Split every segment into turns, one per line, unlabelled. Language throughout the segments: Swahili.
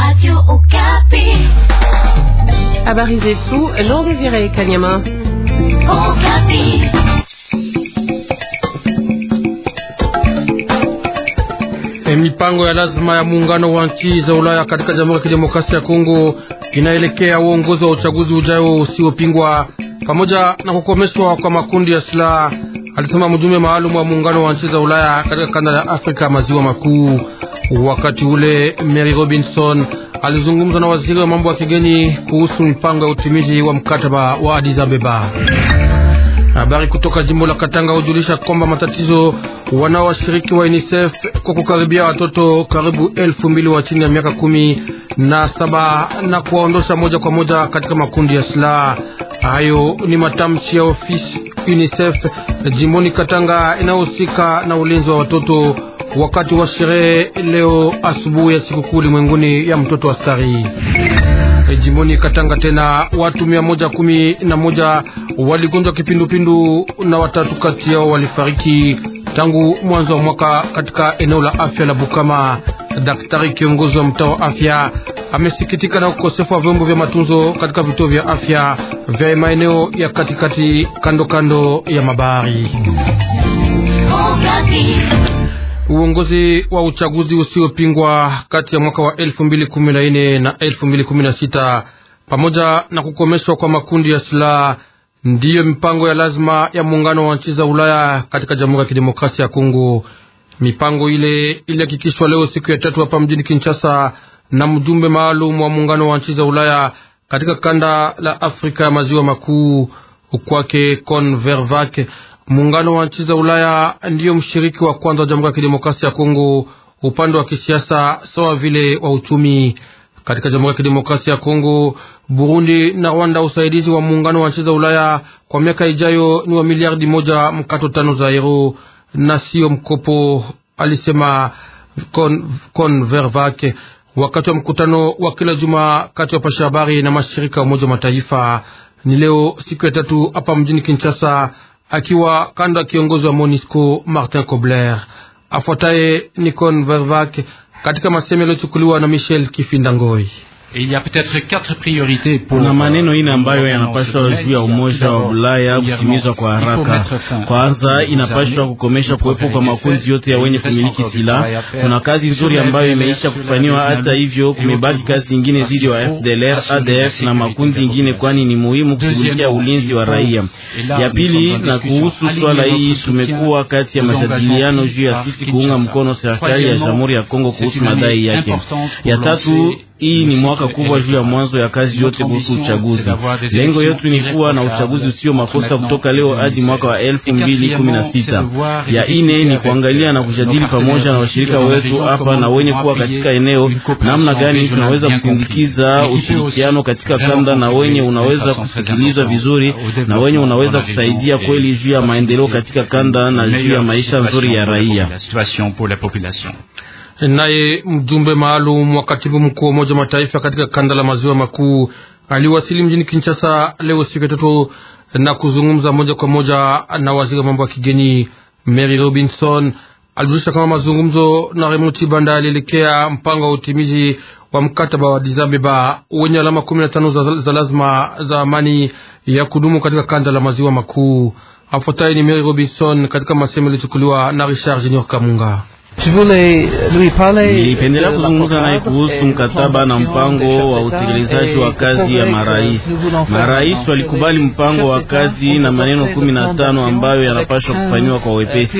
Radio Okapi. Habari zetu Jean Desire Kanyama. Okapi.
E, mipango ya lazima ya muungano wa nchi za Ulaya katika Jamhuri ya Kidemokrasia ya Kongo inaelekea uongozi wa uchaguzi ujao usiopingwa pamoja na kukomeshwa kwa makundi ya silaha, alisema mjumbe maalum wa muungano wa nchi za Ulaya katika kanda ya Afrika maziwa makuu. Wakati ule Mary Robinson alizungumza na waziri wa mambo ya kigeni kuhusu mpango ya utimizi wa mkataba wa Addis Ababa. Habari kutoka jimbo la Katanga hujulisha kwamba matatizo wanaowashiriki wa UNICEF kwa kukaribia watoto karibu elfu mbili wa chini ya miaka kumi na saba na kuwaondosha moja kwa moja katika makundi ya silaha. Hayo ni matamshi ya ofisi UNICEF jimboni Katanga inayohusika na ulinzi wa watoto wakati wa sherehe leo asubuhi ya sikukuu limwenguni ya mtoto stari e, Jimboni Katanga tena watu mia moja kumi na moja waligonjwa kipindupindu na watatu kati yao walifariki tangu mwanzo wa mwaka katika eneo la afya la Bukama. Daktari kiongozi wa mtaa wa afya amesikitika na ukosefu wa vyombo vya matunzo katika vituo vya afya vya maeneo ya katikati kando kando ya mabahari. Oh, Uongozi wa uchaguzi usiopingwa kati ya mwaka wa 2014 na 2016 pamoja na kukomeshwa kwa makundi ya silaha ndiyo mipango ya lazima ya muungano wa nchi za Ulaya katika Jamhuri ya Kidemokrasia ya Kongo. Mipango ile ilihakikishwa leo siku ya tatu hapa mjini Kinshasa na mjumbe maalum wa muungano wa nchi za Ulaya katika kanda la Afrika ya maziwa makuu kwake Convervac Muungano wa nchi za Ulaya ndiyo mshiriki wa kwanza wa Jamhuri ya Kidemokrasia ya Kongo upande wa kisiasa sawa vile wa uchumi. Katika Jamhuri ya Kidemokrasia ya Kongo, Burundi na Rwanda, usaidizi wa muungano wa nchi za Ulaya kwa miaka ijayo ni wa miliardi moja mkato tano za euro na siyo mkopo, alisema Convervac wakati wa mkutano wa kila juma kati ya wapasha habari na mashirika ya Umoja wa Mataifa. Ni leo siku ya tatu hapa mjini Kinshasa akiwa kando ya kiongozi wa Monisco Martin Kobler. Afuataye Nikon Vervak katika masemo yaliyochukuliwa na Michel Kifindangoi. Kuna euh, maneno ine ambayo yanapashwa juu ya umoja wa
Ulaya kutimizwa kwa haraka. Kwanza, inapashwa kukomesha kuwepo kwa makundi yote ya wenye kumiliki silaha. Kuna kazi nzuri ambayo imeisha kufanywa, hata hivyo kumebaki kazi ingine zidi wa FDLR, ADF na makundi ingine, kwani ni muhimu kushughulikia ulinzi wa raia. Ya pili, na kuhusu swala hii, tumekuwa kati ya majadiliano juu ya sisi kuunga mkono serikali ya Jamhuri ya Kongo kuhusu madai yake. Ya tatu hii ni mwaka kubwa juu ya mwanzo ya kazi yote kuhusu uchaguzi. Lengo yetu ni kuwa na uchaguzi usio makosa kutoka leo hadi mwaka wa elfu mbili kumi na sita. Ya ine ni kuangalia euh, na kujadili pamoja na washirika wetu hapa na wenye kuwa katika eneo, namna gani tunaweza kusindikiza ushirikiano katika kanda, na wenye unaweza kusikilizwa vizuri, na wenye unaweza kusaidia kweli juu ya maendeleo katika kanda na juu ya maisha nzuri ya raia.
Naye mjumbe maalum wa katibu mkuu wa Umoja Mataifa katika kanda la maziwa makuu aliwasili mjini Kinshasa leo siku ya tatu na kuzungumza moja kwa moja na waziri wa mambo ya kigeni Mary Robinson. Alijulisha kama mazungumzo na Raymond Banda alielekea mpango wa utimizi wa mkataba wa Addis Ababa wenye alama kumi na tano za, za lazima za amani ya kudumu katika kanda la maziwa makuu. Afuatayo ni Mary Robinson katika masemo yaliyochukuliwa na Richard Junior Kamunga.
Nilipendelea kuzungumza naye kuhusu eh, mkataba na mpango wa utekelezaji wa eh, kazi ya marais. Marais walikubali mpango wa kazi na maneno kumi na tano ambayo yanapaswa eh, kufanyiwa kwa wepesi,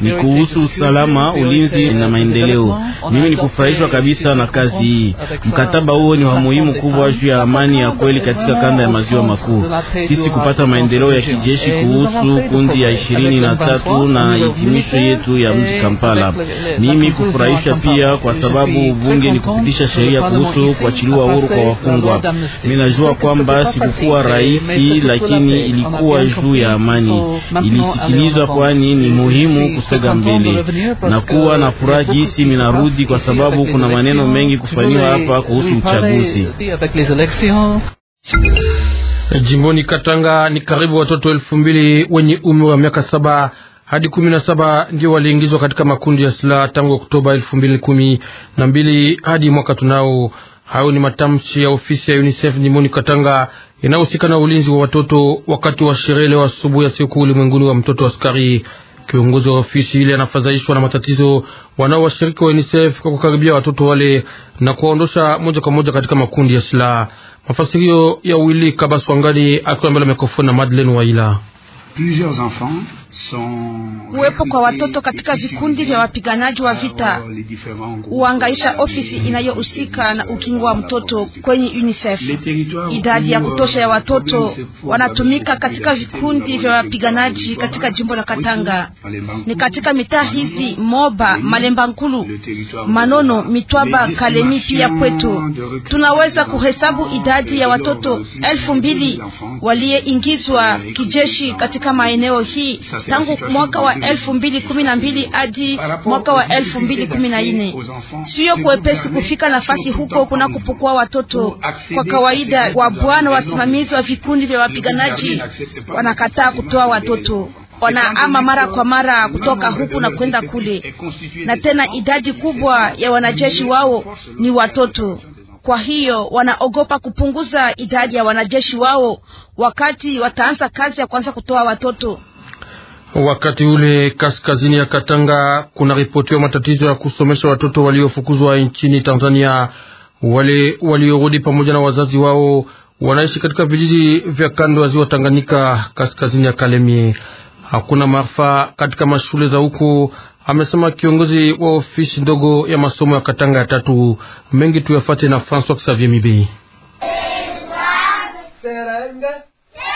ni kuhusu usalama, ulinzi na maendeleo. Mimi kufurahishwa kabisa na kazi hii. Mkataba huo ni wa muhimu kubwa juu ya amani ya kweli katika kanda ya maziwa makuu, sisi kupata maendeleo ya kijeshi kuhusu kundi ya ishirini na tatu na hitimisho yetu ya mji Kampala mimi kufurahisha pia, kwa sababu bunge kupitisha sheria kuhusu kuachiliwa huru kwa wafungwa. Ninajua kwamba sikukuwa eh, rahisi, lakini ilikuwa juu ya amani, ilisikilizwa, kwani ni muhimu kusega mbele na kuwa na furaha jinsi minarudi, kwa sababu kuna maneno mengi kufanyiwa hapa kuhusu uchaguzi.
Jimboni Katanga ni karibu watoto elfu mbili wenye umri wa miaka saba hadi kumi na saba ndio waliingizwa katika makundi ya silaha tangu Oktoba elfu mbili kumi na mbili hadi mwaka tunao. Hayo ni matamshi ya ofisi ya UNICEF jimboni Katanga inayohusika na ulinzi wa watoto wakati wa sherehe leo asubuhi ya siku ulimwenguni wa mtoto askari. Kiongozi wa ofisi ile anafadhaishwa na matatizo wanaowashiriki wa UNICEF kwa kukaribia watoto wale na kuwaondosha moja kwa moja katika makundi ya silaha. Mafasirio ya Willy Kabaswangani akiwa mbele ya mikrofoni na Madeleine Waila
kuwepo kwa watoto katika vikundi vya wapiganaji wa vita huangaisha ofisi euh, inayohusika na ukingo wa mtoto kwenye UNICEF. Idadi ya euh, kutosha ya watoto wanatumika katika vikundi vya wapiganaji katika jimbo la Katanga, ni katika mitaa hizi Moba, Malemba Nkulu, Manono, Mitwaba, Kalemi pia Pweto. Tunaweza kuhesabu idadi ya watoto elfu mbili waliyeingizwa kijeshi katika maeneo hii tangu mwaka wa elfu mbili kumi na mbili hadi mwaka wa elfu mbili kumi na nne. Siyo kuepesi kufika nafasi huko kuna kupokua watoto. Kwa kawaida, wa bwana wasimamizi wa vikundi vya wapiganaji wanakataa kutoa watoto wanaama mara kwa mara kutoka huku na kwenda kule, na tena idadi kubwa ya wanajeshi wao ni watoto. Kwa hiyo wanaogopa kupunguza idadi ya wanajeshi wao wakati wataanza kazi ya kwanza kutoa watoto.
Wakati ule kaskazini ya Katanga kuna ripotiwa matatizo ya kusomesha watoto waliofukuzwa nchini Tanzania. Wale waliorudi pamoja na wazazi wao wanaishi katika vijiji vya kando ya ziwa Tanganyika, kaskazini ya Kalemie. Hakuna marfa katika mashule za huko, amesema kiongozi wa ofisi ndogo ya masomo ya Katanga ya tatu. Mengi tuyafate na François Xavier Mibi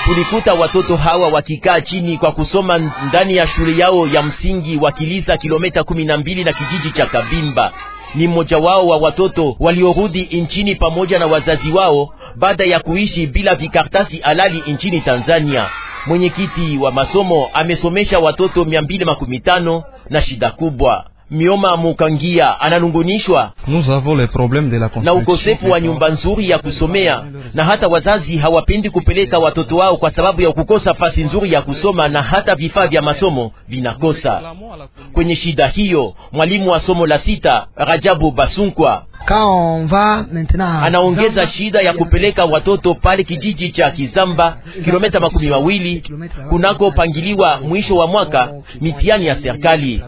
tulikuta watoto hawa wakikaa chini kwa kusoma ndani ya shule yao ya msingi wa Kiliza, kilomita kumi na mbili na kijiji cha Kabimba. Ni mmoja wao wa watoto waliorudi nchini pamoja na wazazi wao baada ya kuishi bila vikartasi halali nchini Tanzania. Mwenyekiti wa masomo amesomesha watoto mia mbili makumi tano na shida kubwa mioma mukangia ananungunishwa
na ukosefu wa nyumba
nzuri ya kusomea, na hata wazazi hawapendi kupeleka watoto wao kwa sababu ya kukosa fasi nzuri ya kusoma, na hata vifaa vya masomo vinakosa. Kwenye shida hiyo, mwalimu wa somo la sita Rajabu Basunkwa
anaongeza
shida ya kupeleka watoto pale kijiji cha Kizamba, kilomita makumi mawili kunakopangiliwa mwisho wa mwaka mitihani ya serikali,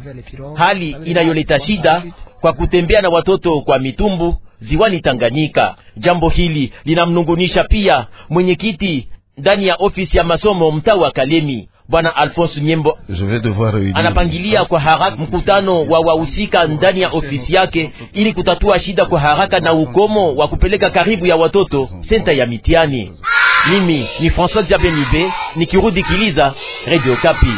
hali inayoleta shida kwa kutembea na watoto kwa mitumbu ziwani Tanganyika. Jambo hili linamnungunisha pia mwenyekiti ndani ya ofisi ya masomo mtaa wa Kalemi. Bwana Alphonse Nyembo anapangilia kwa haraka mkutano wa wahusika ndani ya ofisi yake ili kutatua shida kwa haraka na ukomo wa kupeleka karibu ya watoto senta ya mitiani. Mimi ni François Jabenibe nikirudi Kiliza, Radio Kapi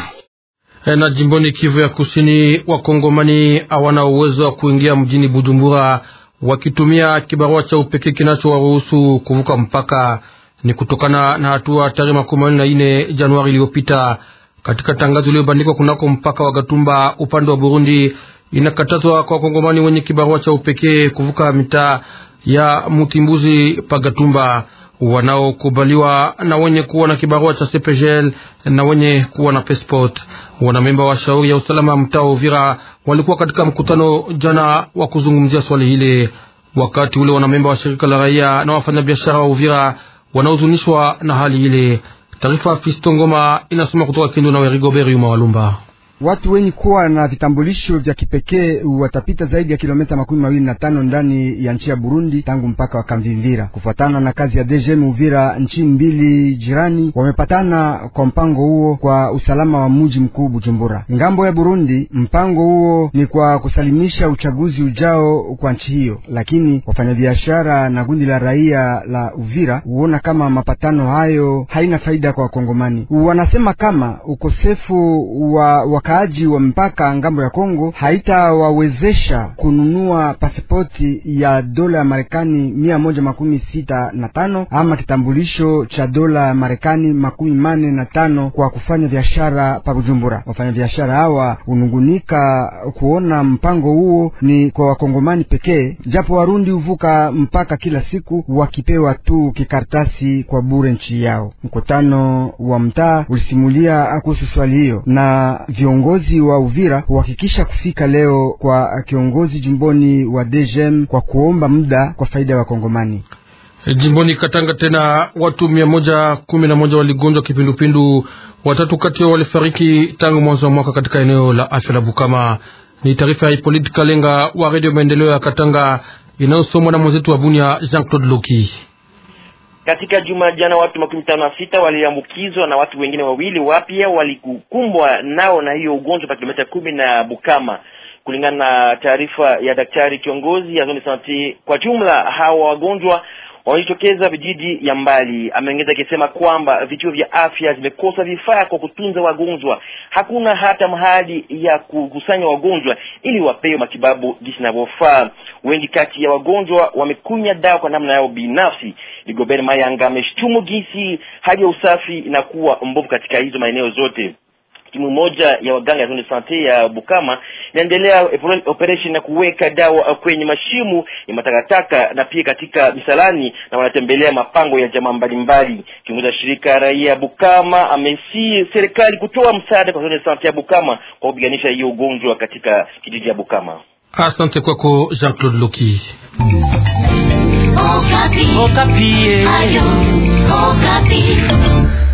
e, na jimboni Kivu ya Kusini, wakongomani hawana uwezo wa kuingia mjini Bujumbura wakitumia kibarua cha upekee kinachowaruhusu kuvuka mpaka ni kutokana na hatua tarehe makumi mawili na nne Januari iliyopita. Katika tangazo iliyobandikwa kunako mpaka wa Gatumba upande wa Burundi, inakatazwa kwa wakongomani wenye kibarua cha upekee kuvuka mitaa ya Mutimbuzi pa Gatumba, wanaokubaliwa na wenye kuwa na kibarua cha CPGL na wenye kuwa na passport. Wanamemba wa shauri ya usalama mtaa Uvira walikuwa katika mkutano jana wa kuzungumzia swali hili. Wakati ule wanamemba wa shirika la raia na wafanyabiashara wa Uvira wanaozunishwa na hali ile. Taarifa fistongoma inasoma kutoka Kindu na Werigoberi Umawalumba.
Watu wenye kuwa na vitambulisho vya kipekee watapita zaidi ya kilomita makumi mawili na tano ndani ya nchi ya Burundi tangu mpaka wa Kamvimvira, kufuatana na kazi ya DGM Uvira. Nchi mbili jirani wamepatana kwa mpango huo kwa usalama wa mji mkuu Bujumbura. Ngambo ya Burundi, mpango huo ni kwa kusalimisha uchaguzi ujao kwa nchi hiyo, lakini wafanyabiashara na kundi la raia la Uvira huona kama mapatano hayo haina faida kwa Wakongomani. Wanasema kama ukosefu wa wakaaji wa mpaka ngambo ya Kongo haitawawezesha kununua pasipoti ya dola ya Marekani mia moja makumi sita na tano ama kitambulisho cha dola ya Marekani makumi mane na tano kwa kufanya biashara pa Bujumbura. Wafanyabiashara hawa unungunika kuona mpango huo ni kwa wakongomani pekee, japo Warundi huvuka mpaka kila siku wakipewa tu kikartasi kwa bure nchi yao. Mkutano wa mtaa ulisimulia kuhusu swali hiyo na viongozi viongozi wa Uvira huhakikisha kufika leo kwa kiongozi jimboni wa DGM kwa kuomba muda kwa faida ya wa
Wakongomani. E, jimboni Katanga tena watu mia moja kumi na moja waligonjwa kipindupindu, watatu kati yao walifariki tangu mwanzo wa mwaka katika eneo la afya la Bukama. Ni taarifa ya Ipolite Kalenga wa Redio Maendeleo ya Katanga inayosomwa na mwenzetu wa Bunia Jean Claude Loki.
Katika juma jana watu makumi tano na sita waliambukizwa na watu wengine wawili wapya walikumbwa nao na hiyo ugonjwa pa kilomita kumi na Bukama kulingana na taarifa ya daktari kiongozi ya zone sante. Kwa jumla hawa wagonjwa wamejitokeza vijiji ya mbali. Ameongeza akisema kwamba vituo vya afya zimekosa vifaa kwa kutunza wagonjwa, hakuna hata mahali ya kukusanya wagonjwa ili wapewe matibabu jinsi inavyofaa. Wengi kati ya wagonjwa wamekunywa dawa kwa namna yao binafsi. Rigobert Mayanga ameshtumu jinsi hali ya usafi inakuwa mbovu katika hizo maeneo zote timu moja ya waganga ya zone sante ya Bukama inaendelea operation ya kuweka dawa uh, kwenye mashimu ya matakataka na pia katika misalani na wanatembelea mapango ya jamaa mbalimbali. Kiongozi shirika raia Bukama amesi serikali kutoa msaada kwa zone sante ya Bukama kwa kupiganisha hiyo ugonjwa katika kijiji ya Bukama.
Asante kwako Jean Claude Loki.
Okapi. Okapi. Ayo. Okapi.